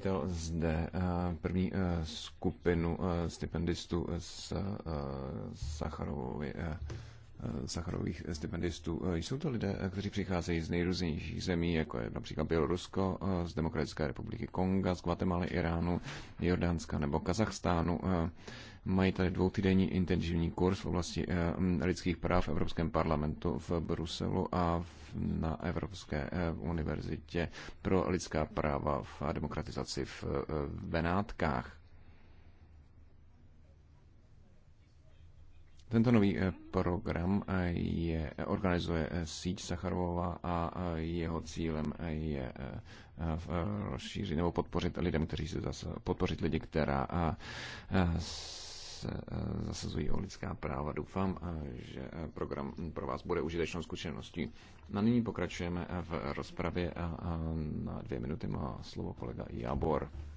přivítal zde eh, první eh, skupinu eh, stipendistů z Sacharovovy Eh, Sacharových stipendistů. Eh, jsou to lidé, eh, kteří přicházejí z nejrůznějších zemí, jako je například Bělorusko, z Demokratické republiky Konga, z Guatemaly, Iránu, Jordánska nebo Kazachstánu. Mají tady dvoutýdenní intenzivní kurz v oblasti lidských práv v Evropském parlamentu v Bruselu a na Evropské univerzitě pro lidská práva a demokratizaci v Benátkách. Tento nový eh, program eh, je, eh, organizuje síť Sacharovova a jeho cílem je rozšířit nebo podpořit lidem, kteří se zase, podpořit lidi, která a, se zasazují o lidská práva. Doufám, že program pro vás bude užitečnou zkušeností. Na nyní pokračujeme v rozpravě a na dvě minuty má slovo kolega Jabor.